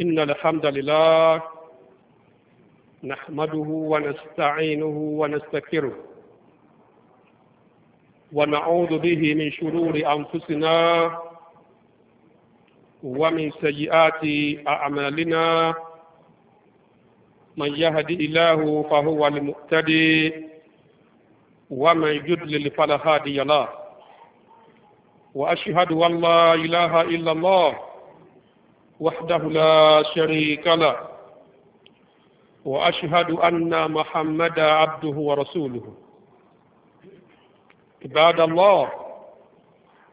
إن الحمد لله نحمده ونستعينه ونستكره ونعوذ به من شرور أنفسنا ومن سيئات أعمالنا من يهدي الله فهو المقتدي ومن يضلل فلا هادي له وأشهد أن لا إله إلا الله وحده لا شريك له وأشهد أن محمدا عبده ورسوله عباد الله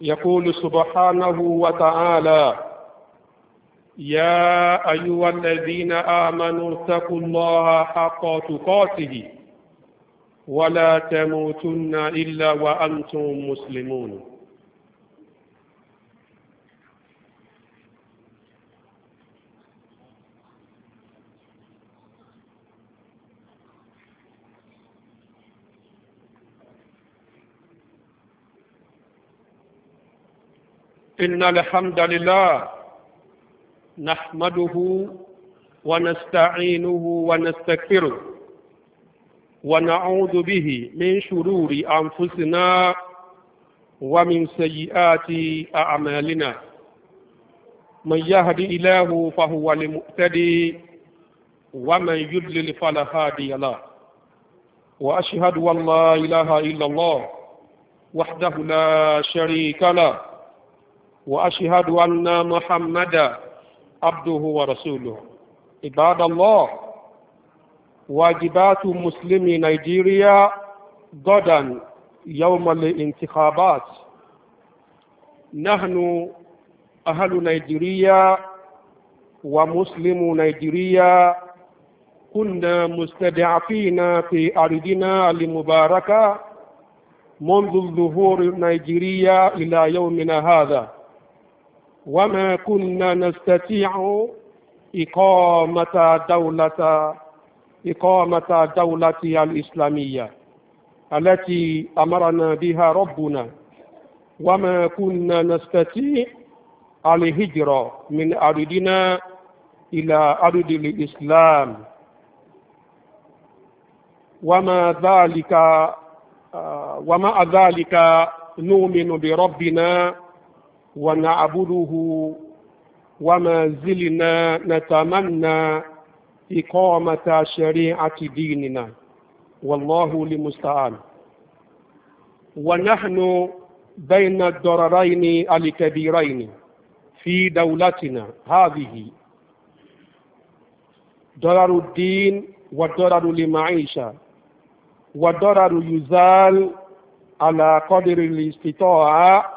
يقول سبحانه وتعالى يا أيها الذين آمنوا اتقوا الله حق تقاته ولا تموتن إلا وأنتم مسلمون إن الحمد لله نحمده ونستعينه ونستغفره ونعوذ به من شرور أنفسنا ومن سيئات أعمالنا من يهد إله فهو المؤتدي ومن يضلل فلا هادي له وأشهد أن لا إله إلا الله وحده لا شريك له وأشهد أن محمدا عبده ورسوله عباد الله واجبات مسلمي نيجيريا غدا يوم الانتخابات نحن أهل نيجيريا ومسلم نيجيريا كنا مستضعفين في أرضنا المباركة منذ ظهور نيجيريا إلى يومنا هذا وما كنا نستطيع إقامة دولة إقامة دولة الإسلامية التي أمرنا بها ربنا وما كنا نستطيع الهجرة من أرضنا إلى أرض الإسلام وما ذلك ومع ذلك نؤمن بربنا ونعبده وما زلنا نتمنى إقامة شريعة ديننا والله المستعان ونحن بين الضررين الكبيرين في دولتنا هذه ضرر الدين وضرر المعيشة وضرر يزال على قدر الاستطاعة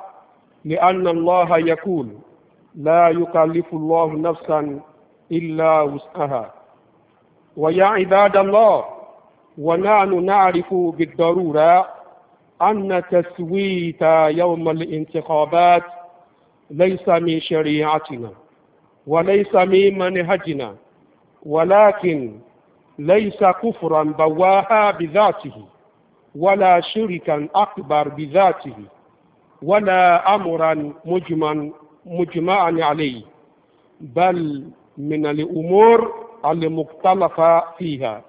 لأن الله يقول لا يكلف الله نفسا إلا وسعها ويا عباد الله ونحن نعرف بالضرورة أن تسويت يوم الانتخابات ليس من شريعتنا وليس من منهجنا ولكن ليس كفرا بواها بذاته ولا شركا أكبر بذاته ولا أمرا مجمعا مجمعا عليه بل من الأمور المختلفة فيها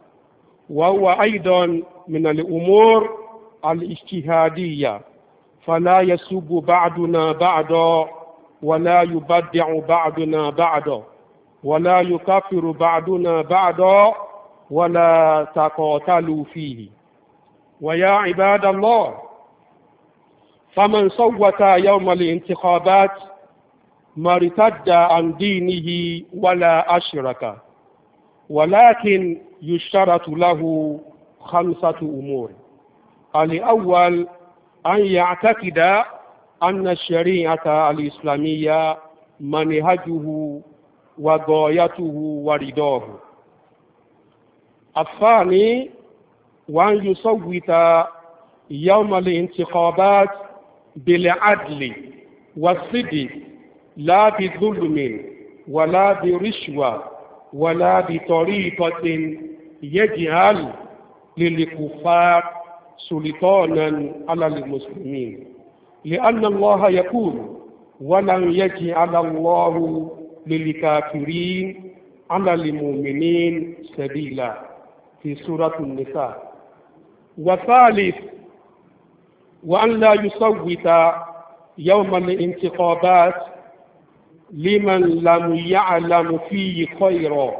وهو أيضا من الأمور الاجتهادية فلا يسب بعضنا بعضا ولا يبدع بعضنا بعضا ولا يكفر بعضنا بعضا ولا تقاتلوا فيه ويا عباد الله فمن صوت يوم الانتخابات ما عن دينه ولا أشرك ولكن يشترط له خمسة أمور الأول أن يعتقد أن الشريعة الإسلامية منهجه وغايته ورضاه الثاني وأن يصوت يوم الانتخابات bèlè adlè wàsídì láàbì dùlùmí wàláàbì ríṣùwà wàláàbì tọ̀rí ìtọ́tìn yẹ́jì hàlù lèlèkùfà sùlìtọ́ọ̀nà alàlè mùsùlùmí لأن الله يقول ولن يجعل الله للكافرين على المؤمنين سبيلا في سورة النساء وثالث وأن لا يصوت يوم الانتخابات لمن لم يعلم فيه خيرا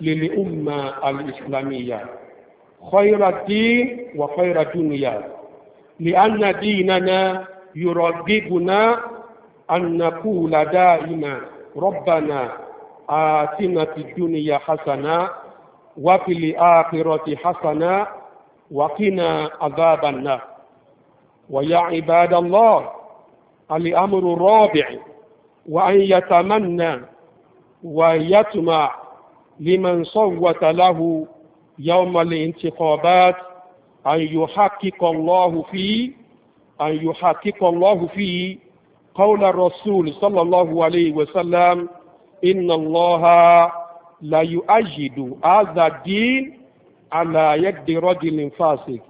للأمة الإسلامية خير الدين وخير الدنيا لأن ديننا يرغبنا أن نقول دائما ربنا آتنا في الدنيا حسنة وفي الآخرة حسنة وقنا عذاب النار ويا عباد الله الأمر الرابع وأن يتمنى ويطمع لمن صوت له يوم الانتخابات أن يحقق الله فيه أن يحقق الله فيه قول الرسول صلى الله عليه وسلم إن الله لا يؤجد هذا الدين على يد رجل فاسق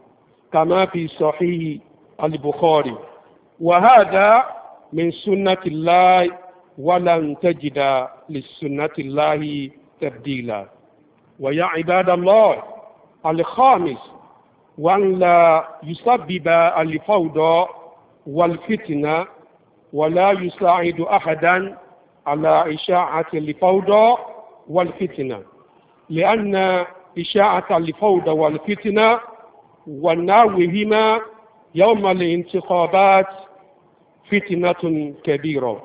كما في صحيح البخاري وهذا من سنة الله ولن تجد لسنة الله تبديلا ويا عباد الله الخامس وأن لا يسبب الفوضى والفتنة ولا يساعد أحدا على إشاعة الفوضى والفتنة لأن إشاعة الفوضى والفتنة وناوهما يوم الانتخابات فتنة كبيرة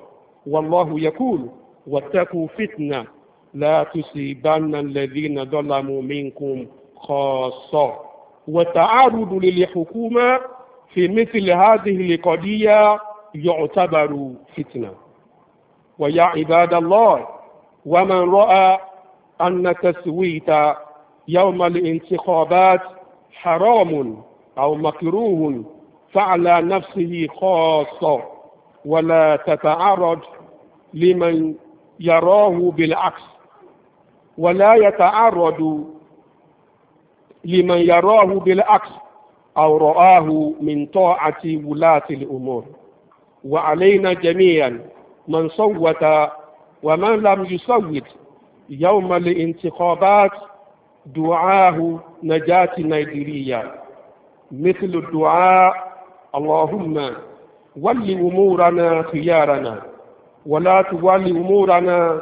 والله يقول واتقوا فتنة لا تصيبن الذين ظلموا منكم خاصة والتعرض للحكومة في مثل هذه القضية يعتبر فتنة ويا عباد الله ومن رأى أن تسويت يوم الانتخابات حرام أو مكروه فعلى نفسه خاصة ولا تتعرض لمن يراه بالعكس ولا يتعرض لمن يراه بالعكس أو رآه من طاعة ولاة الأمور وعلينا جميعا من صوت ومن لم يصوت يوم الانتخابات دعاه نجاة نيجيريا مثل الدعاء اللهم ول أمورنا خيارنا ولا تول أمورنا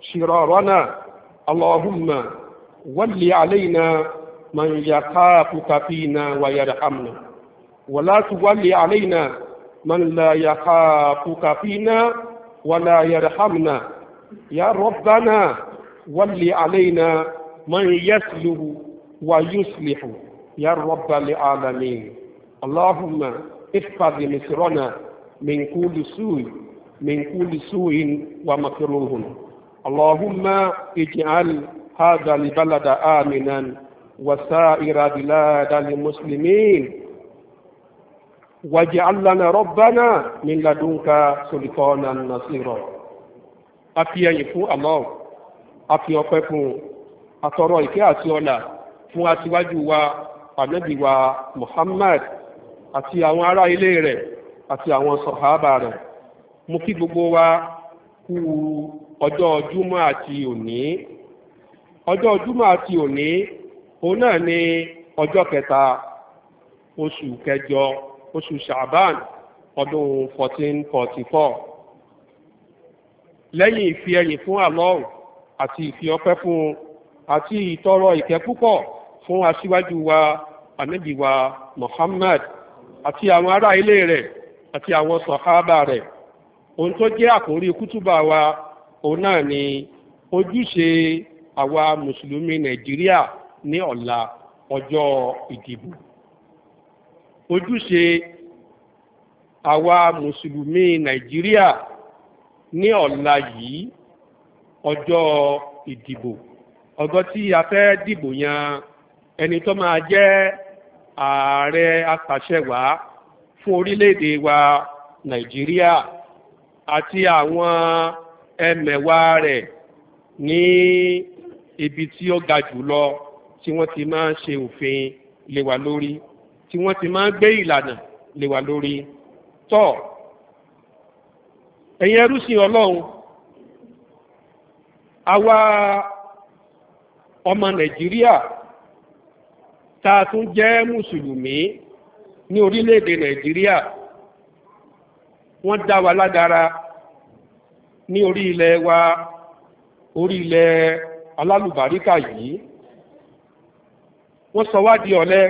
شرارنا اللهم ول علينا من يخافك فينا ويرحمنا ولا تول علينا من لا يخافك فينا ولا يرحمنا يا ربنا ول علينا من يسلب ويصلح يا رب العالمين اللهم احفظ مصرنا من كل سوء من كل سوء ومكروه اللهم اجعل هذا البلد آمنا وسائر بلاد المسلمين واجعل لنا ربنا من لدنك سلطانا نصيرا أفيا يفو الله أفيا يفو أترى إكي أسيولا fún aṣíwájú ànábì wa Muhammad àti àwọn ará ilé rẹ̀ àti àwọn sọ̀hábà rẹ̀ mo kí gbogbo wa kú ọjọ́ júmọ́ àti òní ọjọ́ júmọ́ àti òní òun náà ni ọjọ́ kẹta oṣù kẹjọ oṣù ṣàbán ọdún 1444 lẹ́yìn ìfi ẹ̀yìn fún àlọ́run àti ìfi ọpẹ́ fún un àti ìtọrọ ìkẹ́ púpọ̀ fún aṣíwájú wa ànábì wa Muhammad àti àwọn ará ilé rẹ̀ àti àwọn sọ̀hábà rẹ̀ ohun tó jẹ́ àkórí kútùbà wa òun náà ni ojúṣe àwa mùsùlùmí Nàìjíríà ní ọ̀la ọjọ́ ìdìbò ojúṣe àwa mùsùlùmí Nàìjíríà ní ọ̀la yìí ọjọ́ ìdìbò ọgọ́ tí a fẹ́ dìbò yan ẹni tó máa jẹ́ ààrẹ apàṣẹwàá fún orílẹ̀-èdè wa nàìjíríà àti àwọn ẹmẹ̀wà rẹ̀ ní ibi tí ó ga jù lọ tí wọ́n ti máa ń ṣe òfin lé wa lórí tí wọ́n ti máa ń gbé ìlànà lé wa lórí tọ́ ẹ̀yin ẹrú sí ọlọ́run àwa ọmọ nàìjíríà tá a tún jẹ́ mùsùlùmí ní orílẹ̀-èdè nàìjíríà wọ́n dá wa ládàra ní orí ilẹ̀ wa orí ilẹ̀ alálùbáríkà yìí wọ́n sọ wá di ọ̀lẹ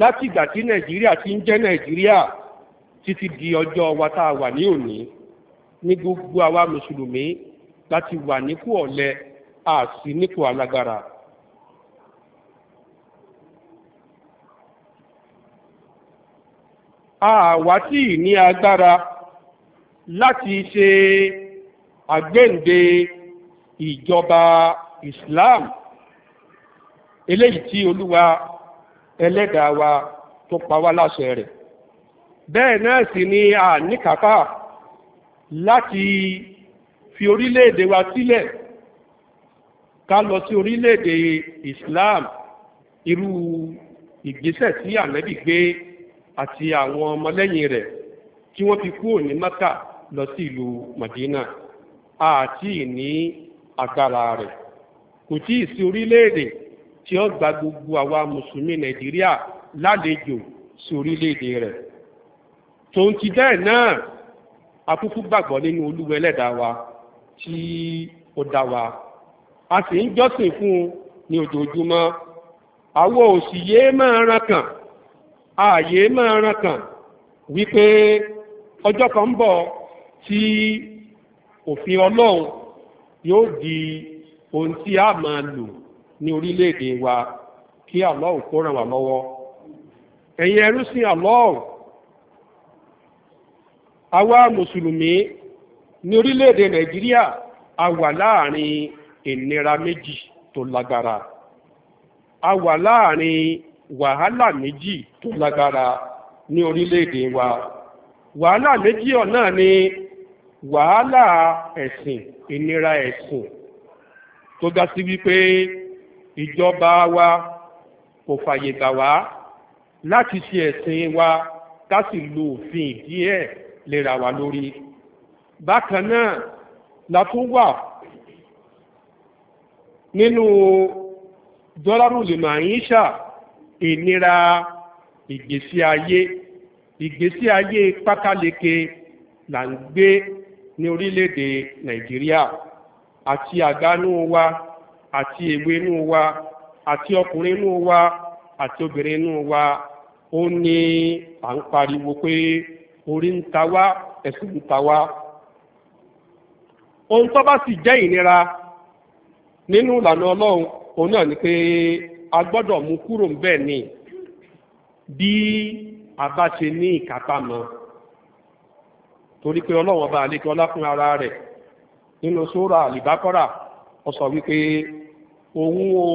látìgbà tí nàìjíríà ti ń jẹ́ nàìjíríà títí di ọjọ́ wa tá a wà ní òní ní gbogbo àwa mùsùlùmí láti wà nípò ọ̀lẹ àti nípò alágbára. àwátì ní agbára láti ṣe àgbéǹde ìjọba Islam eléyìí tí Olúwa ẹlẹ́dàá wa tó pa wá láṣẹ rẹ̀ bẹ́ẹ̀ náà sì ni a níkàápá láti fi orílẹ̀-èdè wa sílẹ̀ ká lọ sí orílẹ̀-èdè Islam irú ìgbésẹ̀ tí ànábì gbé àti àwọn ọmọlẹ́yìn rẹ̀ tí wọ́n fi kúrò ní Mẹ́kà lọ sí ìlú Màdínà àti ní agbára rẹ̀ kò tí ì sí orílẹ̀-èdè tí ó gba gbogbo àwa mùsùlùmí Nàìjíríà lálejò sí orílẹ̀-èdè rẹ̀ tòun ti bẹ́ẹ̀ náà akúkú gbàgbọ́ nínú Olúwa ẹlẹ́dàá wa tí ó dá wa a sì ń jọ́sìn fún un ní ojoojúmọ́ àwọn òsì yéé máa rankan ààyè máa ran kàn wípé ọjọ́ kan ń bọ̀ tí òfin ọlọ́run yóò di ohun tí a máa lò ní orílẹ̀-èdè wa kí Allah kó ràn wá lọ́wọ́ ẹ̀yin ẹrú sí Allah àwa mùsùlùmí ní orílẹ̀-èdè nàìjíríà a wà láàrin ìnira méjì tó lágbára a wà láàrin wàhálà méjì tó lágbára ní orílẹ̀-èdè wa wàhálà méjì ọ̀nà ni wàhálà ẹ̀sìn ìnira ẹ̀sìn tó ga sí wípé ìjọba wa kò fàyè gbà wá láti ṣe ẹ̀sìn wa ká sì lo òfin ìdí ẹ̀ lera wa lórí bákan náà la tún wà nínú dọ́là rúlì màáyíṣà ìnira ìgbésí ayé ìgbésí ayé pákáleke là ń gbé ní orílẹ̀-èdè nàìjíríà àti àgbánú wa àti èwe inú wa àti ọkùnrin inú wa àti obìnrin inú wa ó ní à ń pariwo pé orí ń ta wá ẹ̀sùn ń ta wá ohun tó bá sì jẹ́ ìnira nínú ìlànà ọlọ́run òun náà ni pé a gbọ́dọ̀ mú kúrò ńbẹ̀ ni bí a bá ṣe ní ìkápá mọ́ torí pé ọlọ́wọ́n ọba àlékè ọlá fún ara rẹ̀ nínú sóra àlìbákọ́rà ó sọ wípé òun ò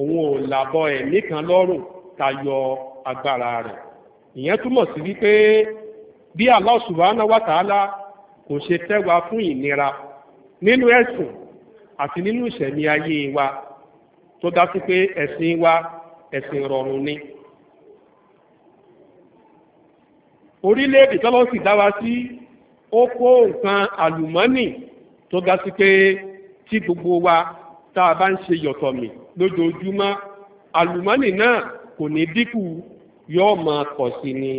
òun ò làbọ̀ ẹ̀mí kan lọ́rùn tayọ agbára rẹ̀ ìyẹn túmọ̀ sí wípé bí Allah subhanahu wa ta'ala kò ṣe tẹ́wa fún ìnira nínú ẹ̀sùn àti nínú ìṣẹ̀mí ayé wa tó dá sí pé ẹ̀sìn wa ẹ̀sìn rọrùn ni. orílẹ̀-èdè tọ́lọ́ sì dá wa sí ó kó nǹkan àlùmọ́nì tó ga sí pé tí gbogbo wa tá a bá ń ṣe yọ̀tọ̀mì lójoojúmọ́ àlùmọ́nì náà kò ní dínkù yóò máa pọ̀ sí ni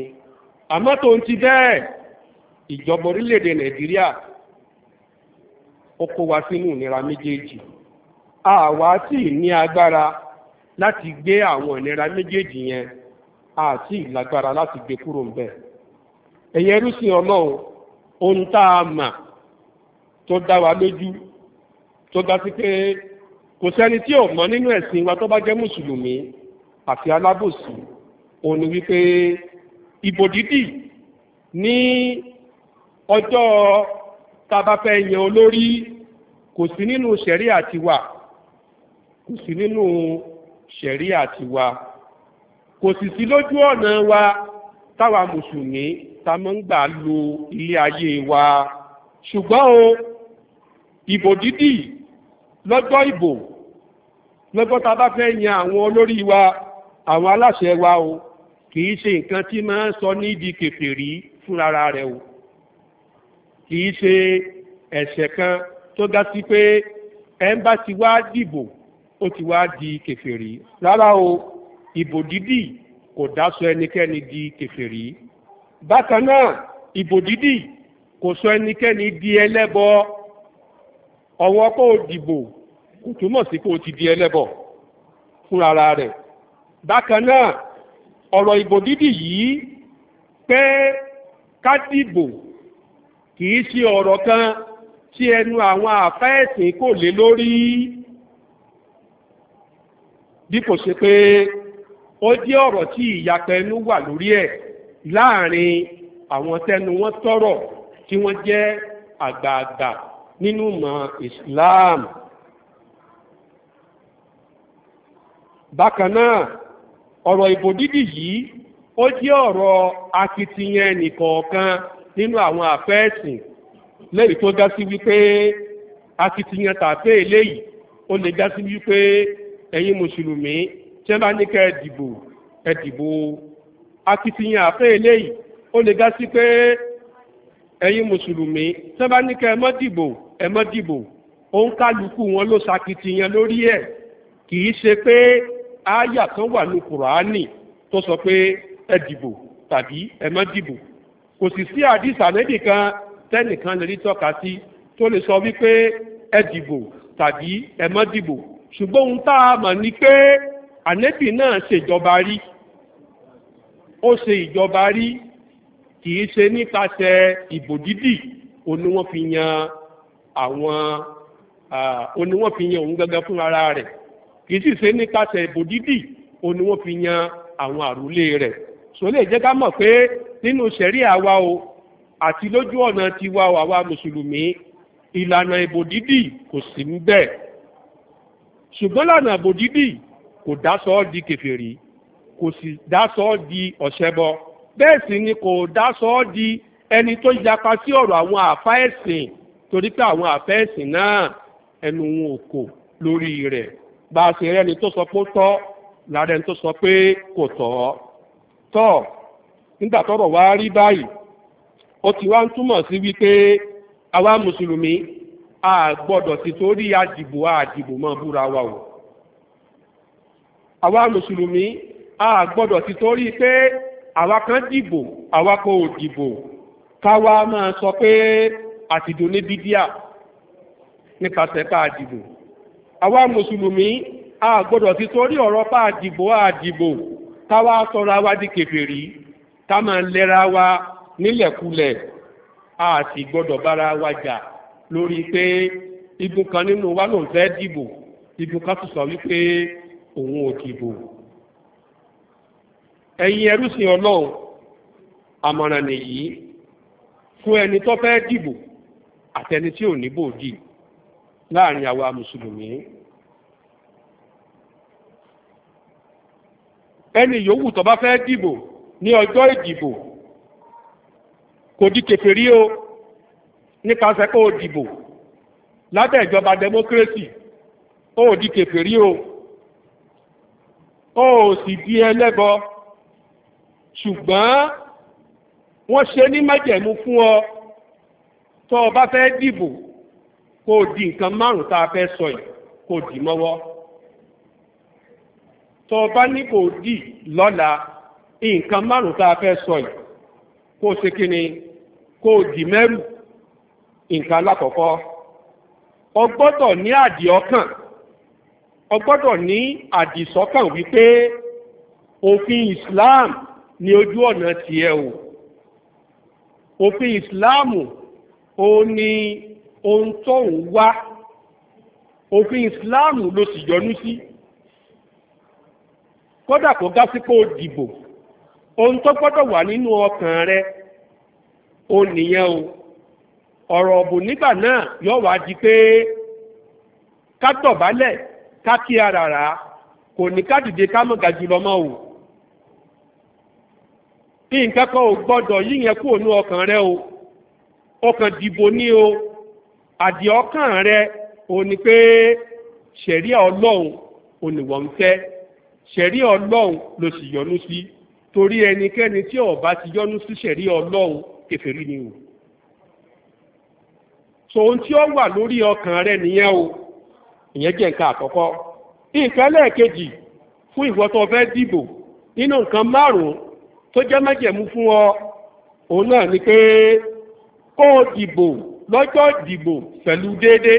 àmọ́ tó ń ti bẹ́ẹ̀ ìjọba orílẹ̀-èdè nàìjíríà ó kó wa sínú ìnira méjèèjì àwa tí ní agbára láti gbé àwọn ìnira méjèèjì yẹn àti ìlágbára láti gbé kúrò ń bẹ ẹ̀yẹ rúsìn ọlọ́run ohun tá a mà tó dá wa lójú tó dá sí pé kò sẹ́ni tí ò mọ̀ nínú ẹ̀sìn wa tó bá jẹ́ mùsùlùmí àfi alábòsí òun ni wípé ìbò dídì ní ọjọ́ tá a bá fẹ́ yan olórí kò sí nínú ṣẹ̀rí àtiwà kò sí nínú ṣẹ̀ríà tiwa kò sì sí lójú ọ̀nà wa táwa mùsùlùmí ta mọ́ ń gbà lo ilé ayé wa ṣùgbọ́n o ìbò dídì lọ́jọ́ ìbò lọ́jọ́ ta bá fẹ́ yan àwọn olórí wa àwọn aláṣẹ wa o kì í ṣe nǹkan tí máa ń sọ ní ìdí kèfèrí fúnra o kì í ṣe ẹ̀ṣẹ̀ kan tó dá sí pé ẹ̀ ń bá ti wá dìbò ó ti wá di kèfèrí rárá o ìbò dídì kò dá sọ ẹnikẹ́ni di kèfèrí bákan náà ìbò dídì kò sọ ẹnikẹ́ni di ẹlẹ́bọ ọ̀wọ́ kó dìbò kò túmọ̀ sí kó ti di ẹlẹ́bọ fúnra rẹ̀ bákan náà ọ̀rọ̀ ìbò dídì yìí pé ká dìbò kì í ṣe ọ̀rọ̀ kan tí ẹnu àwọn àfẹ́ẹ̀sìn kò lé lórí bí kò ṣe pé ó jẹ́ ọ̀rọ̀ tí ìyapẹnu wà lórí ẹ̀ láàrin àwọn tẹnu wọn tọrọ tí wọ́n jẹ́ àgbààgbà nínú ìmọ̀ Islam. bákan náà ọ̀rọ̀ ìbò dídì yìí ó jẹ́ ọ̀rọ̀ akitiyan ẹnìkọ̀ọ̀kan nínú àwọn àfẹ́ẹ̀sìn lẹ́yìn tó dá sí wípé akitiyan tàbí eléyìí ó lè dá sí wípé ẹ̀yin mùsùlùmí tí wọ́n bá ní kẹ́ ẹ dìbò ẹ dìbò akitiyan àfẹ́ eléyìí ó lè ga sí pé ẹ̀yin mùsùlùmí tí wọ́n bá ní kẹ́ ẹ mọ́ dìbò ẹ mọ́ dìbò ó ń kálukú wọn ló sakitiyan lórí ẹ̀ kì í ṣe pé ááyà kan wà ní kùránì tó sọ pé ẹ tàbí ẹ mọ́ dìbò kò sì sí àdìsá méjì tẹ́nìkan lè rí tọ́ka sí tó lè sọ wípé ẹ tàbí ẹ mọ́ dìbò ṣùgbọ́n ohun tá a mọ̀ ni pé ànẹ́bì náà ṣèjọba rí ó ṣe ìjọba rí kì í ṣe nípasẹ̀ ìbò dídì òní wọ́n fi yan àwọn òní wọ́n fi yan òun gẹ́gẹ́ fún ara rẹ̀ kì sì ṣe nípasẹ̀ ìbò dídì fi yan àwọn àrùlé rẹ̀ sọlẹ̀ jẹ́ ká mọ̀ pé nínú ṣẹ̀rí àwa o àti lójú ọ̀nà tiwa o àwa mùsùlùmí ìlànà ìbò kò sí níbẹ̀. ṣùgbọ́n lànà àbòdídì kò dásọ ọ́ di kèfèrí kò sì dásọ ọ́ di osebo bẹ́ẹ̀ sì ni di ẹni tó yapa sí ọ̀rọ̀ àwọn àfa ẹ̀sìn torí pé àwọn àfa ẹ̀sìn náà ẹnu wọn ò kò lórí rẹ̀ bá a ṣe rẹ́ni tó sọ pé ó tọ́ lára ẹni tó sọ pé ti wá ń túmọ̀ sí wípé àwa mùsùlùmí a gbọ́dọ̀ ti torí àdìbò àdìbò máa búra wa o àwa mùsùlùmí a gbọ́dọ̀ ti torí pé àwa kan dìbò àwa kò dìbò káwa máa sọ pé àtìdò ní bídíà nípasẹ̀ pa àdìbò àwa mùsùlùmí a gbọ́dọ̀ ti torí ọ̀rọ̀ pa àdìbò àdìbò káwa sọra wa di kèfèrí ká máa lẹ́ra wa nílẹ̀kulẹ̀ a sì gbọ́dọ̀ bára wa jà lórí pé igun kan nínú wa lòun fẹ́ dìbò igun kan tún sọ wípé òun ò dìbò ẹ̀yin ẹrúsìn ọlọ́run àmọ̀ràn nìyí fún ẹni tó fẹ́ dìbò àtẹni tí ò níbò dì láàrin àwa mùsùlùmí. ẹni yòówù tó bá fẹ́ dìbò ní ọjọ́ ìdìbò kò di kèfèrí o nípasẹ̀ kó o dìbò lábẹ́ ìjọba democracy ó di kèfèrí o ó sì di ẹlẹ́bọ ṣùgbọ́n wọ́n ṣe ní májẹ̀mú fún ọ tó o bá fẹ́ dìbò kó o di nǹkan márùn-ún tá a fẹ́ sọ yìí kó o dì mọ́wọ́ tó o bá ní kó o dì lọ́la nǹkan márùn-ún tá a fẹ́ sọ yìí kó o ṣe kí ni kó o dì mẹ́rù nǹkan alákọ̀ọ́kọ́ o gbọ́dọ̀ ní àdì ọkàn o gbọ́dọ̀ ní àdìsọ́kàn wípé òfin Islam ni ojú ọ̀nà tiẹ̀ o òfin Islam ó ní ohun tó ń wá òfin Islam ló sì yọnú sí kódà kó gá sí pé ó dìbò ohun tó gbọ́dọ̀ wà nínú ọkàn rẹ ó nìyẹn o ọ̀rọ̀ ọ̀bùn nígbà náà yóò wá di pé ká tọ̀bálẹ̀ ká kí ara rà kò ní ká dìde ká mọ̀ gàjú lọ mọ́ o nǹkan kan ò gbọ́dọ̀ yíyẹn kúrò ní ọkàn rẹ o ọkàn dìbò ní o àdì ọkàn rẹ o ní pé ṣẹ̀ríà ọlọ́run ò ní wọ́n ń fẹ́ ṣẹ̀ríà ọlọ́run ló sì yọ́nú sí torí ẹnikẹ́ni tí ó ti yọ́nú sí ṣẹ̀ríà ọlọ́run kèfèrí ni o so ohun tí ó wà lórí ọkàn rẹ nìyẹn o ìyẹn jẹ́ nǹkan àkọ́kọ́ nǹkan ẹlẹ́ẹ̀kejì fún ìwọ tó fẹ́ dìbò nínú nǹkan márùn-ún tó jẹ́ májẹ̀mú fún ọ òun náà ni pé kó o dìbò lọ́jọ́ ìdìbò pẹ̀lú déédé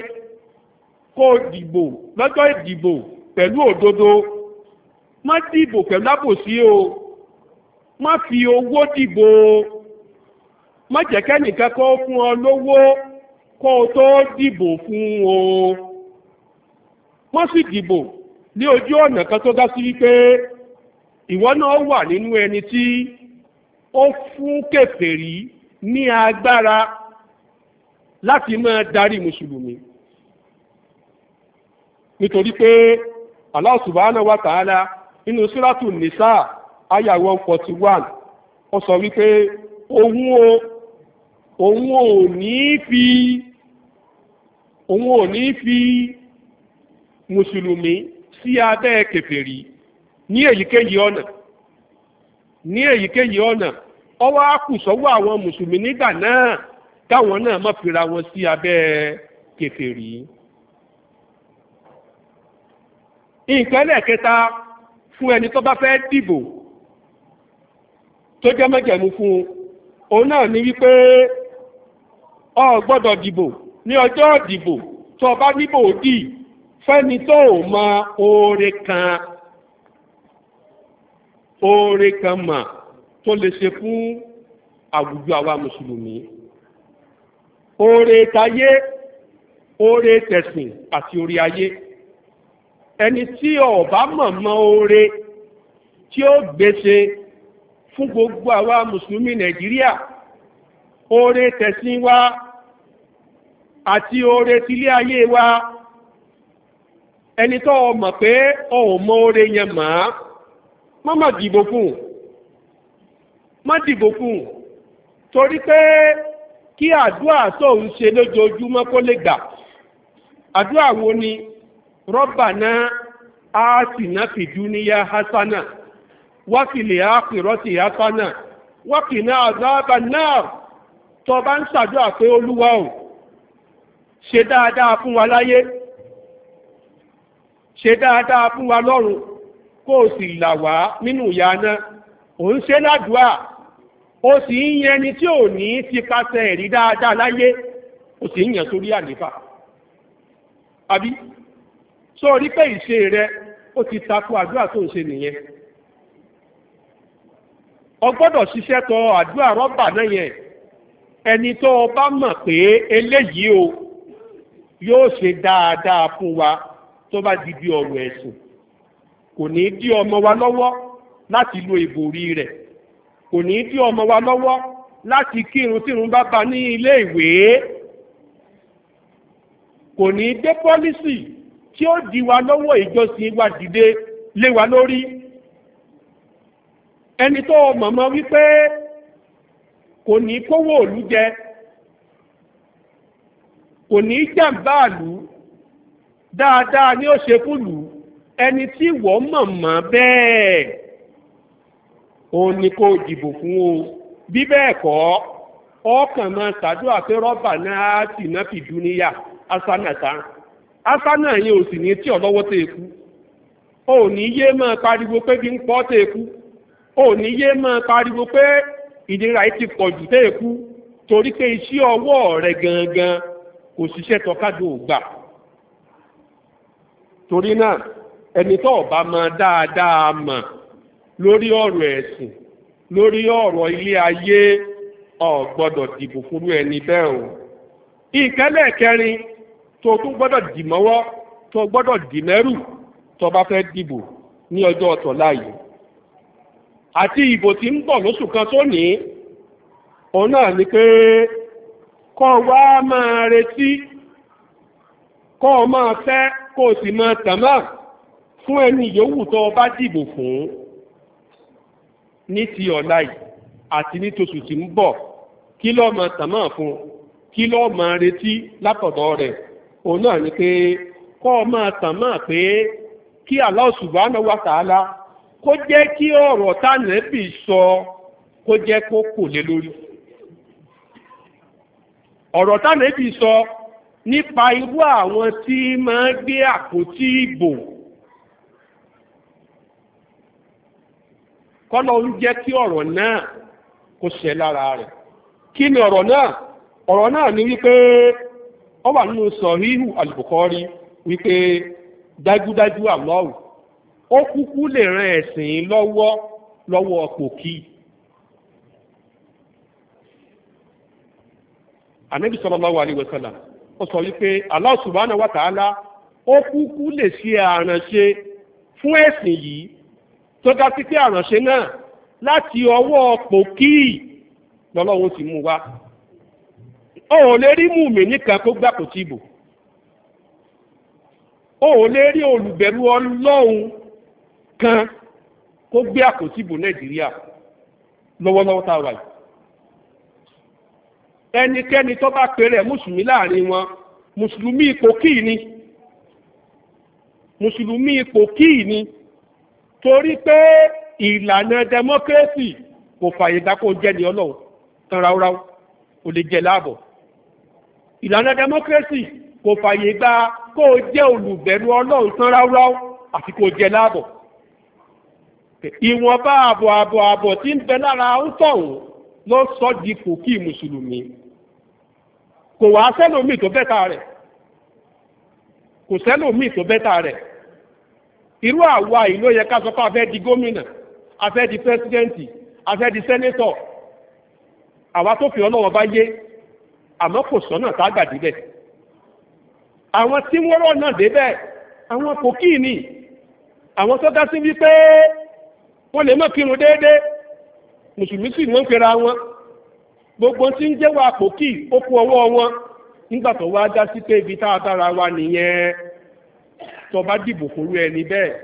kó o dìbò lọ́jọ́ ìdìbò pẹ̀lú òdodo má dìbò pẹ̀lú àbòsí o má fi owó dìbò má jẹ́ kẹ́nìkan kó fún ọ lówó kó o tó dìbò fún o wọ́n sì dìbò ní ojú ọ̀nà kan tó dá sí wípé ìwọ náà wà nínú ẹni tí ó fún kèfèrí ní agbára láti máa darí mùsùlùmí nítorí pé Allah subhanahu wa ta'ala nínú sírátù nìsá àyà 141 ó sọ wípé òun ò òun ò ní fi òun ò ní fi mùsùlùmí sí abẹ́ kèfèrí ní èyíkéyìí ọ̀nà ní èyíkéyìí ọ̀nà ọwọ́ àkùsọ́wọ́ àwọn mùsùlùmí nígbà náà káwọn náà má fira wọn sí abẹ́ kèfèrí. nǹkan lẹ́ẹ̀kẹta fún ẹni tó bá fẹ́ dìbò tó jẹ́ mọ́jẹ̀mú fún un òun náà ní wípé o gbọ́dọ̀ dìbò ní ọjọ́ ìdìbò tó o bá níbò dì fẹ́ni tó o mọ oore kan oore kan mà tó lè ṣe fún àwùjọ àwa mùsùlùmí oore tayé oore tẹ̀sìn àti oore ayé ẹni tí o mọ̀ mọ́ oore tí ó gbèsè fún gbogbo àwa mùsùlùmí nàìjíríà oore tẹ̀sìn wa àti oore tilé ayé wa ẹni tó pé mọ oore yẹn mọ́ má má dìbò fún má dìbò fún torí pé kí àdúrà tó ń ṣe lójoojúmọ́ kó lè gbà àdúrà wo ni rọ́bà náà á sì ná fìdú hasana wá hasana wá náà tó bá o. ṣe dáadáa fún wa láyé ṣe dáadáa fún wa lọ́run kó o sì là wá nínú ìyà náà ò ń ṣe ládùúà ó sì ń yẹn ni tí ò ní ti pàṣẹ ẹ̀rí dáadáa láyé ó sì ń yàn sórí àléfà àbí sórí pé ìṣe rẹ ó ti tako àdúrà tó ń ṣe nìyẹn o ṣiṣẹ́ tọ àdúrà rọ́bà náà yẹn ẹni tó o bá mọ̀ pé eléyìí o yóò ṣe dáadáa fún wa tó bá di bí ọ̀rọ̀ ẹ̀sìn kò ní dí ọmọ wa lọ́wọ́ láti lo ìbòrí rẹ̀ kò ní dí ọmọ wa lọ́wọ́ láti kírun tírun bá ba ní ilé ìwé kò ní dé pọ́lísì tí ó di wa lọ́wọ́ ìjọsìn wa dìde lé wa lórí ẹni tó mọ̀mọ́ wípé kò ní kówó òlú jẹ kò ní jàǹbá àlù dáadáa ni ó ṣe fúlù ẹni tí ìwọ mọ̀ mọ́ bẹ́ẹ̀ òun ni kò dìbò fún o bí bẹ́ẹ̀ kọ́ ọkàn máa ṣàdúrà pé rọ́bà náà á sì náà fi dúníyà asánàta asánà yẹn ò sì ní tí ọ lọ́wọ́ tó eku o ní yé máa pariwo pé kí n pọ́ tó eku o ní yé máa pariwo pé ìdíra yìí ti pọ̀ jù tó eku torí pé iṣẹ́ ọwọ́ rẹ̀ gangan kò síṣẹ́ tọ́kádò gbà torí náà ẹni tó ọba mọ̀ dáadáa mọ̀ lórí ọ̀rọ̀ ẹ̀sìn lórí ọ̀rọ̀ ilé ayé ò gbọ́dọ̀ dìbò fún ẹni bẹ́ẹ̀ o ìkẹ́lẹ̀ kẹrin tó tún gbọ́dọ̀ dì mọ́wọ́ tó gbọ́dọ̀ dì mẹ́rù tó bá fẹ́ dìbò ní ọjọ́ ọ̀tọ̀ láàyè àti ìbò tí ń bọ̀ lóṣù kan tó ní òun náà ni pé kọ́ wá máa retí kọ́ máa fẹ́ kó o sì máa tàmá fún ẹni yòówù tó o bá dìbò fún ní ti ọ̀la yìí àti ní tóṣù tí ń bọ̀ kí lọ́ọ́ máa tàmá fún kí lọ́ọ́ máa retí látọ̀dọ̀ rẹ̀ òun náà ni pé kọ́ máa tàmá pé kí Allah subhanahu wa ta'ala kó jẹ́ kí ọ̀rọ̀ tánẹ́bì sọ kó jẹ́ kó kò lé lórí. ọ̀rọ̀ ebi sọ nípa irú àwọn tí máa gbé àpótí ìbò kọ́lọ̀ ń jẹ́ kí ọ̀rọ̀ náà kò ṣẹ lára rẹ̀ kí ni ọ̀rọ̀ náà ọ̀rọ̀ náà ni wípé ó wà nínú sọ̀ríhù àlùbùkọ́rí wípé dájúdájú àlọ́rù ó kúkú lè ran ẹ̀sìn lọ́wọ́ lọ́wọ́ pòkì ànábì sallallahu alaihi wasallam ó sọ wípé Allah subhanahu wa ta'ala ó kúkú lè ṣe àrànṣe fún ẹ̀sìn yìí tó dá sí pé àrànṣe náà láti ọwọ́ pòkì lọ́lọ́run ti mú wa ó ò lè rí mùmí nìkan kó gbà kò tìbò ó ò lè rí olùbẹ̀rù ọlọ́run kan kó gbé àkótìbò nàìjíríà lọ́wọ́lọ́wọ́ tá a wà yìí ẹnikẹ́ni tó bá pè rẹ̀ mùsùlùmí láàrin wọn mùsùlùmí ipò kíì ni mùsùlùmí ipò kíì ni torí pé ìlànà democracy kò fàyè gbà kó jẹ́ ní ọlọ́run tán ráúráú kò lè jẹ láàbọ̀ ìlànà democracy kò fàyè gbà kó jẹ́ olùbẹ̀rù ọlọ́run tán ráúráú àti kó jẹ láàbọ̀ ìwọ̀nba àbọ̀ àbọ̀ àbọ̀ tí ń bẹ lára ń tọ̀hún ló sọ di kò kí mùsùlùmí kò wá sẹ́lòmíì tó bẹ́ta rẹ̀ kò sẹ́lòmíì tó bẹ́ta rẹ̀ irú àwa yìí ló yẹ ká sọ pé a fẹ́ di gómìnà a fẹ́ di pẹ́sidẹ́ǹtì a fẹ́ di sẹ́nẹ́tọ̀ àwa tó fi ọlọ́wọ́ bá yé àmọ́ kò sọ́nà tá a débẹ̀ àwọn tí wọ́n rọ̀ náà débẹ̀ àwọn kò kí ni àwọn tó dá sí wípé wọ́n lè mọ̀ kírun déédéé mùsùlùmí sì wọ́n ń pera wọn gbogbo tí ń jẹ́wọ́ àpòkì ó kú ọwọ́ wọn nígbà tó wá já sí pé ibi tá a dára wa nìyẹn tó bá dìbò fúnrú ẹni bẹ́ẹ̀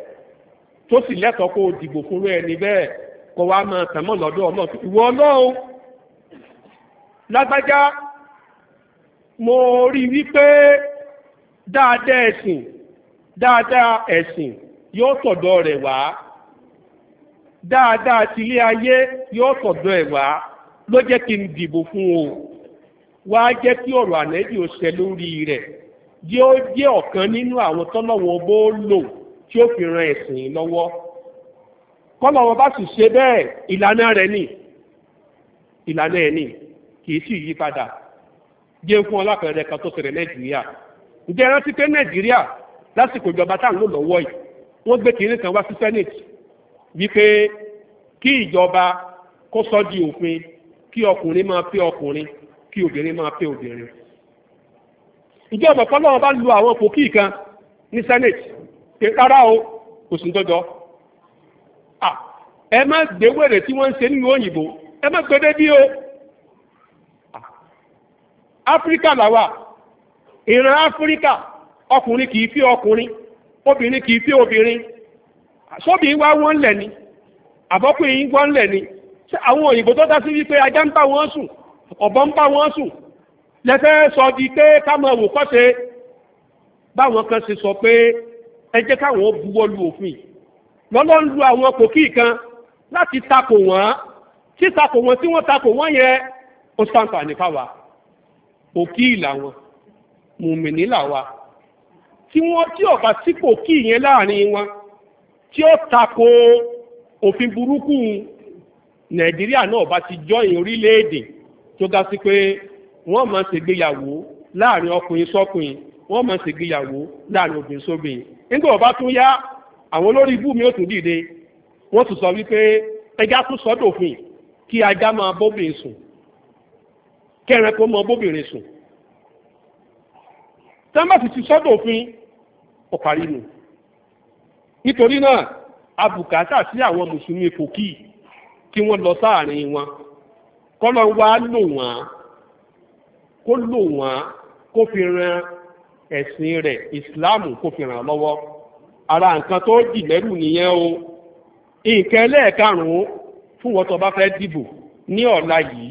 tó sì lẹ́tọ̀ọ́ kó o dìbò fúnrú ẹni bẹ́ẹ̀ kó wa máa tẹ̀mọ́ lọ́dọ̀ ọlọ́run ìwọ ọlọ́run lágbájá mo rí wípé dáadáa ẹ̀sìn dáadáa ẹ̀sìn yóò tọ̀dọ̀ rẹ̀ wá dáadáa tilé ayé yóò tọ̀dọ̀ ẹ̀ wá. ló jẹ́ kí n dìbò fún o wá jẹ́ kí ọ̀rọ̀ ànẹ́bí ò ṣẹ lórí rẹ̀ yóò jẹ́ ọ̀kan nínú àwọn tọ́lọ́wọ́n bó lò tí ó fi ran ẹ̀sìn lọ́wọ́ kọ́lọ́wọ́n bá sì ṣe bẹ́ẹ̀ ìlànà rẹ̀ ni ìlànà ẹ̀ ni kì í sì yí padà jẹ́ fún ọlápẹ̀rẹ̀ kan tó ṣẹlẹ̀ nàìjíríà ǹjẹ́ rántí pé nàìjíríà lásìkò ìjọba tá à ń lò lọ́wọ́ yìí wọ́n gbé kínní kan wá sí senate wípé kí ìjọba kó sọ di òfin kí ọkùnrin máa pé ọkùnrin kí obìnrin máa pé obìnrin ìjọ ọ̀pọ̀pọ̀ náà bá lu àwọn pòkì kan ní senate pé rárá o kò sí ẹ má gbé tí wọ́n ń ṣe nínú òyìnbó ẹ má gbé bí o áfíríkà làwà ìran áfíríkà ọkùnrin kì í ọkùnrin obìnrin kì í obìnrin ni àwọn òyìnbó tó dá sí wípé ajá ń bá wọn sùn ọ̀bọ ń bá wọn sùn lẹ́fẹ́ sọ di pé káwọn òwò kọ́ṣe báwọn kan ṣe sọ pé ẹ jẹ́ káwọn buwọ́ lu òfin lọ́lọ́ ń lu àwọn kòkí kan láti takò wọ́n tí takò wọ́n tí wọ́n takò wọ́n yẹn ó sáǹfà ní fáwa kòkí làwọn mùmìnì làwa tí wọ́n tí ọ̀bà sí kòkí yẹn láàrin wọn tí ó takò òfin burúkú nàìjíríà náà bá ti jọyìn orílẹ̀-èdè tó ga sí pé wọ́n máa ṣègbéyàwó láàrin ọkùnrin sọ́kùnrin wọ́n máa gbéyàwó láàrin obìnrin sóbìnrin nígbà wọ́n bá tún yá àwọn olórí ibú mi ò tún dìde wọ́n tún sọ wípé ẹja tún sọ dòfin kí ajá máa bóbìnrin sùn kẹrin kó mọ bóbìnrin sùn tẹ́ḿbàtì ti sọ dòfin ọ̀parí nù nítorí náà abùkátà sí àwọn mùsùlùmí kò kíì kí wọ́n lọ sáàrin wọn kọ́lọ́ wa lò wọ́n kó lò wọ́n kó fi ran ẹ̀sìn rẹ̀ ìsìláàmù kó fi ràn lọ́wọ́ ara nǹkan tó dì lẹ́rù nìyẹn o nǹkan ẹlẹ́ẹ̀karùn-ún fún wọn tó bá fẹ́ dìbò ní ọ̀la yìí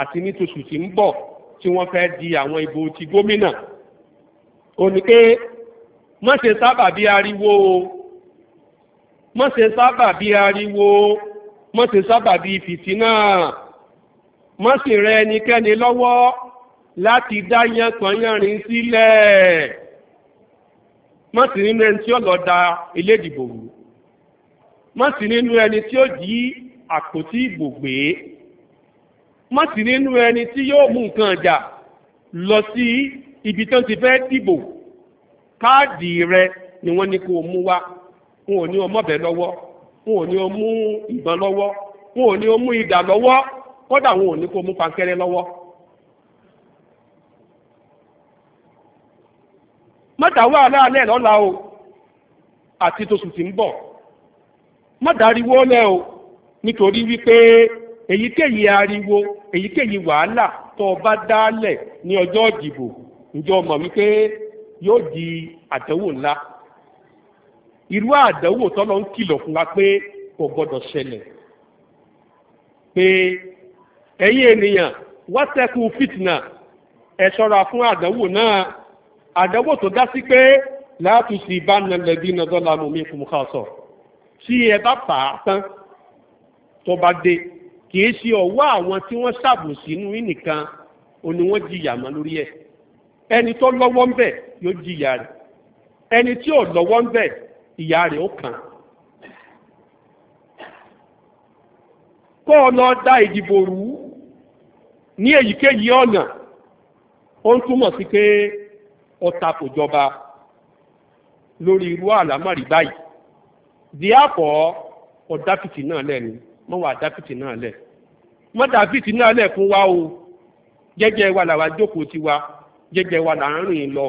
àti ní tóṣù tí ń bọ̀ tí wọ́n fẹ́ di àwọn ìbò ti gómìnà ó ní pé má ṣe sábà bí ariwo má sábà bí ariwo má ṣe sábàbí fìtínà má sì rẹ ẹnikẹ́ni lọ́wọ́ láti dá yánpọnyánrin sílẹ̀ má sì nínú ẹni tí ó lọ da ilé ìdìbò rú má sì nínú ẹni tí ó jí àpótí ìbò gbé má sì nínú ẹni tí yóò mú nǹkan ọjà lọ sí ibi tó ti fẹ́ dìbò káàdì rẹ ni wọ́n ní kó mú wá wọn ò ọmọbẹ lọ́wọ́ wọn ò ní o mú ìbọn lọ́wọ́ wọn ò ní o mú idà lọ́wọ́ kódà wọn ò ní kó mú pankẹ́rẹ́ lọ́wọ́. mọ́tà wà láàlẹ́ o àti tóṣù ti ń bọ̀ mọ́tà ariwo lẹ́ o nítorí wípé ariwo èyíkéyìí wàhálà tó o bá dálẹ̀ ní ọjọ́ ìdìbò ǹjọ́ mọ̀ wípé yóò irú àdánwò tọ́lọ́ ń kìlọ̀ fún wa pé kò gbọ́dọ̀ ṣẹlẹ̀ pé ẹ̀yin ènìyàn wátẹ́kù fitna ẹ ṣọ́ra fún àdánwò náà àdánwò tó dá sí pé látùsí ìbánilẹ̀bí nàdọ́là mọ̀mí fún mi ká sọ tí ẹ bá pa á tán tó bá dé kì í ṣe ọ̀wọ́ àwọn tí wọ́n ṣàbòsí inú nìkan òní wọ́n jìyà mọ́ lórí ẹ̀ ẹni tó lọ́wọ́ ń bẹ̀ yóò jìyà rẹ̀ ẹni tí ò lọ́wọ́ ń bẹ̀ ìyá rẹ̀ ó kàn kó o lọ da ìdìbò rú ní èyíkéyìí ọ̀nà ó ń túmọ̀ sí pé ọ̀tá kò jọba lórí irú àlámọ̀rí báyìí díàpọ̀ náà lẹ̀ ni wà dáfìtì náà lẹ̀ mọ́ dáfìtì náà lẹ̀ fún wa o jẹ́jẹ́ wa làwa jókòó tiwa jẹ́jẹ́ wa lọ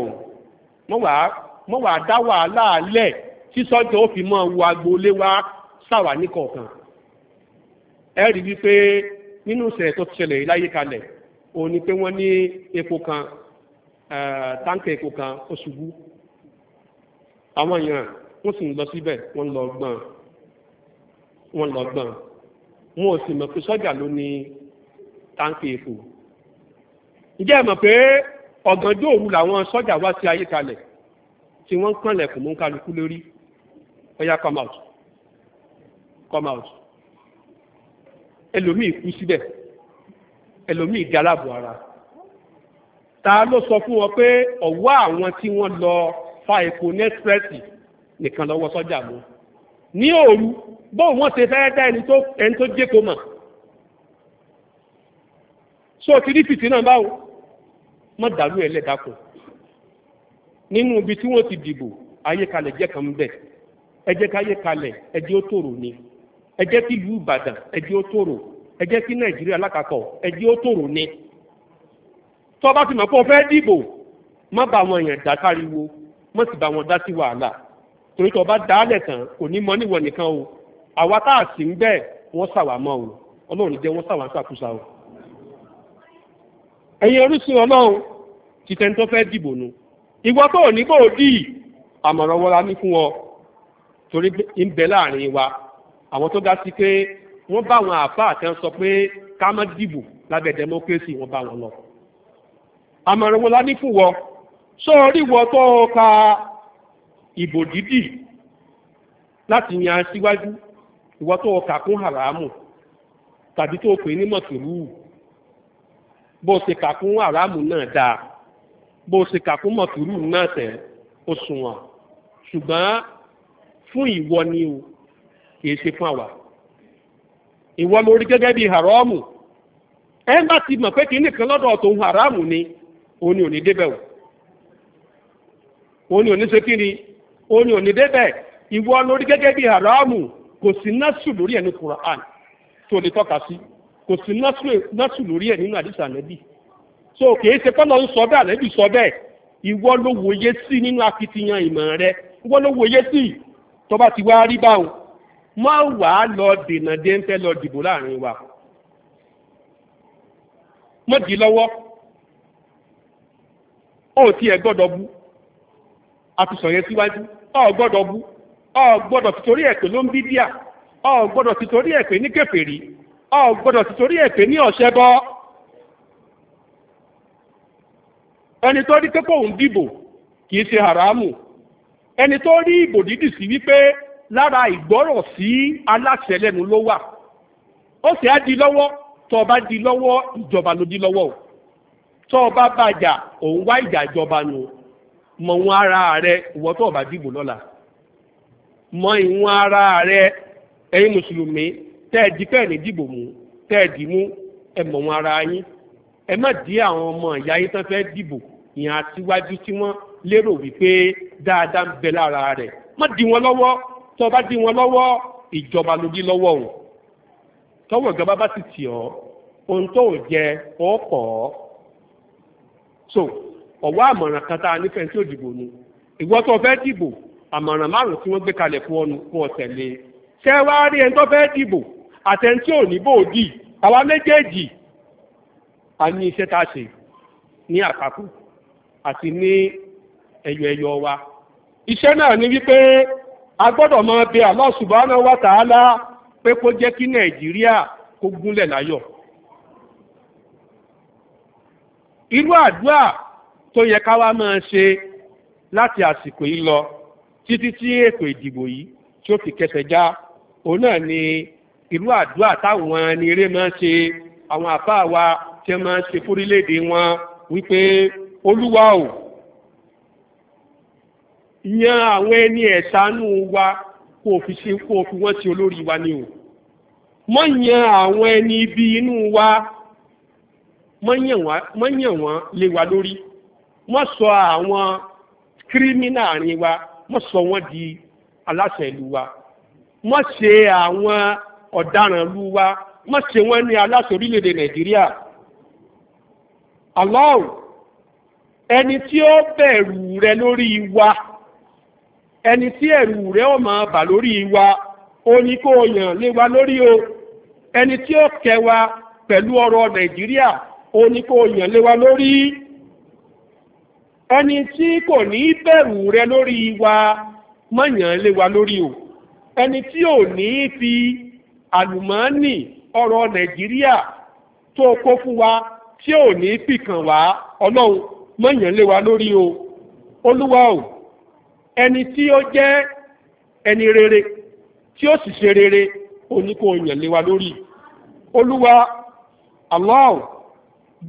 o wà dá wàhálà lẹ̀. tí sọ́jọ́ ó fi mọ́ wo agboolé wá sàwà ní kọ̀ọ̀kan ẹ rí wípé nínú ìṣẹ̀lẹ̀ tó ti ṣẹlẹ̀ láyé kalẹ̀ òun ni pé wọ́n ní epo kan táǹkì epo kan ó ṣubú àwọn èèyàn wọ́n sì ń lọ síbẹ̀ wọ́n lọ gbọ́n wọ́n lọ gbọ́n wọn ò sì mọ̀ pé sọ́jà ló ní táǹkì epo ǹjẹ́ ẹ mọ̀ pé ọ̀gànjọ́ òru làwọn sọ́jà wá sí ayé kalẹ̀ tí wọ́n ń kànlẹ̀kùn mú kálukú lórí Oya come out come out ẹlòmíì kú síbẹ̀ ẹlòmíì galáàbò ara ta ló sọ fún wọn pé ọ̀wọ́ àwọn tí wọ́n lọ fa epo nẹ́sírẹ́sì nìkan lọ́wọ́ sọ́jà mú ní òru bóun wọ́n ṣe fẹ́ dá ẹni tó ẹni tó mọ̀ so ti náà báwo mọ̀ dàlú ẹlẹ́dàkùn nínú ibi tí wọ́n ti dìbò ayékalẹ̀ jẹ́ kan bẹ́ẹ̀ ẹ jẹ́ káyé kalẹ̀ ẹ jẹ́ ó tòrò ni ẹ jẹ́ kí ìlú Ìbàdàn ẹ jẹ́ ó tòrò ẹ kí Nàìjíríà lákàtọ̀ ẹ ó tòrò ni tó bá ti mọ̀ pé o fẹ́ dìbò má bá wọn èèyàn dá káriwo má sì bá wọn dá sí wàhálà torí tó bá dálẹ̀ tán kò ní mọ níwọ̀n nìkan o àwa tá a sì ń bẹ́ẹ̀ wọ́n ṣàwámọ́ o Ọlọ́run jẹ́ wọ́n ṣàwámọ́ àkúṣà o ẹ̀yin orísun Ọlọ́run ti tẹ́ni tó fẹ́ dìbò nu ìwọ tó ò ní kó o dì àmọ̀ràn wọra ní fún ọ torí ń bẹ láàrin wa àwọn tó ga sí pé wọ́n bá àwọn àáfàá kan sọ pé ká má dìbò lábẹ́ democracy wọ́n bá wọn lọ. àmọ̀ràn wọn la ní fún wọ sọ orí wọ tó ka ìbò dídì láti yan aṣíwájú ìwọ tó kà kún haramu tàbí tó pè ní mọ̀tòrú bó ṣe kà kún haramu náà dáa bó ṣe kà kún mọ̀tòrú náà tẹ̀ ó sunwọ̀n ṣùgbọ́n fún ìwọ ni o kì í ṣe fún àwa ìwọ lórí gẹ́gẹ́ haramu ẹ bá ti mọ̀ pé kan lọ́dọ̀ tòun haramu ni ni ò débẹ̀ o ni ò ṣe kíni ni ò ní débẹ̀ ìwọ lórí gẹ́gẹ́ ẹ̀ Qur'an tó lè tọ́ka sí kò sí násù lórí ẹ̀ nínú àdìsá so kì í ṣe kọ́nà ń sọ bẹ́ẹ̀ ànábì sọ bẹ́ẹ̀ ìwọ ló nínú akitiyan ìmọ̀ rẹ ìwọ ló tọba ti wá rí má wà á lọ dènà dé ń fẹ́ lọ dìbò láàrin wa mọ́ di lọ́wọ́ ó tiẹ̀ gbọ́dọ̀ bu àtúnṣọ yẹn síwájú ọ gbọ́dọ̀ bu ọ gbọ́dọ̀ tìtorí ẹ̀ pé ọ gbọ́dọ̀ tìtorí ẹ̀ pé ní ọ gbọ́dọ̀ tìtorí ẹ̀ pé ní ẹni tó rí haramu ẹni tó rí ìbò dídì sí wípé lára ìgbọ́rọ̀ sí aláṣẹ lẹ́nu ló wà ó sì á di lọ́wọ́ tó o bá di lọ́wọ́ ìjọba ló di lọ́wọ́ o tó o bá bàjà òun wá ìjà ìjọba nù mọ ìwọn ara rẹ ìwọ tó bá dìbò lọ́la mọ ìwọn ara rẹ ẹ̀yin mùsùlùmí tẹ́ ẹ di pẹ́ẹ́ ní dìbò mú tẹ́ ẹ dì mú ẹ mọ̀ wọn ara yín ẹ má di àwọn ọmọ ìyá yín tán fẹ́ dìbò ìyẹn àtiwájú tí wọ́n lérò wípé dáadáa ń bẹ lára rẹ̀ má di wọn lọ́wọ́ tó o bá di wọn lọ́wọ́ ìjọba ló dí lọ́wọ́ òun tọ́wọ́ ìjọba bá sì tì ọ́ ohun tó ò jẹ ọ́ pọ̀ ọ́ so ọ̀wọ́ àmọ̀ràn kan tá a nífẹ̀ẹ́ sí òdìbò nu ìwọ tó fẹ́ dìbò àmọ̀ràn márùn tí wọ́n gbé kalẹ̀ fún ọnu fún ọ̀sẹ̀ lé ṣé wá rí ẹni tó fẹ́ dìbò àtẹni tí ò ní dì àwa méjèèjì a ní iṣẹ́ tá a ṣe ní àkàkù àti ní ẹyọ ẹyọ wa iṣẹ́ náà ni wípé a gbọ́dọ̀ máa bẹ Allah subhanahu wa ta'ala pé kó jẹ́ kí Nàìjíríà kó gúnlẹ̀ láyọ̀ irú àdúrà tó yẹ ká wá máa ṣe láti àsìkò yìí lọ títí tí ètò ìdìbò yìí tí ó fi kẹsẹ̀ já òun náà ni irú àdúrà táwọn ẹni eré máa ń ṣe àwọn àfáà wa tí wọ́n máa ń ṣe fórílẹ̀-èdè wọn wípé olúwa o yan àwọn ẹni ẹ̀sánú wa kó o fi ṣe kó fi wọ́n ti olórí wa ni o mọ́ yan àwọn ẹni ibi inú wa mọ́ yan wọ́n lé wa lórí mọ́ sọ àwọn kírímínà àárín wa mọ́ sọ wọ́n di aláṣẹ ìlú wa mọ́ ṣe àwọn ọ̀daràn ìlú wa mọ́ ṣe wọ́n ní aláṣẹ orílẹ̀-èdè nàìjíríà Allah ẹni tí ó bẹ̀rù rẹ lórí wa. ẹni tí ẹ̀rù rẹ̀ ó máa bà lórí wa ó ní kó o yàn lé wa lórí o ẹni tí ó kẹ wa pẹ̀lú ọ̀rọ̀ nàìjíríà ó ní kó o yàn lé wa lórí ẹni tí kò ní bẹ̀rù rẹ̀ lórí wa má yàn lé lórí o ẹni tí ò ní fi àlùmọ́ọ́nì ọ̀rọ̀ nàìjíríà tó kó fún wa tí ò ní fìkàn wá ọlọ́run má yàn lé lórí o olúwa o. ẹni tí ó jẹ́ ẹni rere tí ó sì ṣe rere òní wa lórí olúwa Allah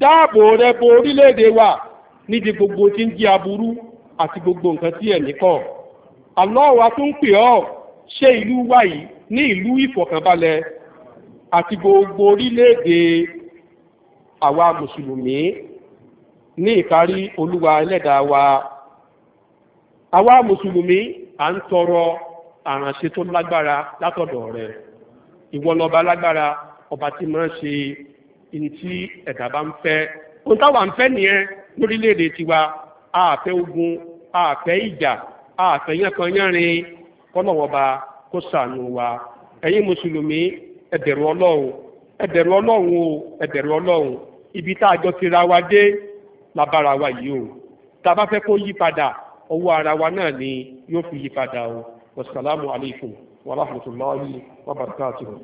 dáàbò rẹ bo orílẹ̀-èdè wa níbi gbogbo tí ń aburú àti gbogbo nǹkan tí ẹ̀mí kọ̀ Allah wa tún pè ṣe ìlú wa gbogbo orílẹ̀-èdè àwa mùsùlùmí ní àwa mùsùlùmí à ń tọrọ àrànṣe tó lágbára látọ̀dọ̀ rẹ̀ ìwọ lọba lágbára ọba tí máa ń ṣe ní tí ẹ̀dá bá ń fẹ́ ohun táwa ń fẹ́ nìyẹn lórílẹ̀‐èdè tiwa àfẹ́ ogun àfẹ́ ìjà àfẹ́ yánkanyánrin kọ́lọ́wọ́ba kó ṣàánú wa ẹ̀yin mùsùlùmí ẹ bẹ̀rù ọlọ́run ẹ bẹ̀rù ọlọ́run o ẹ bẹ̀rù ọlọ́run ibi tá a jọ tira wa dé lábára wa yìí o tá a bá fẹ́ kó yí padà ọwọ́ ara wa náà ni yóò fi yí padà o wasalaamu alaykum wa rahmatulahi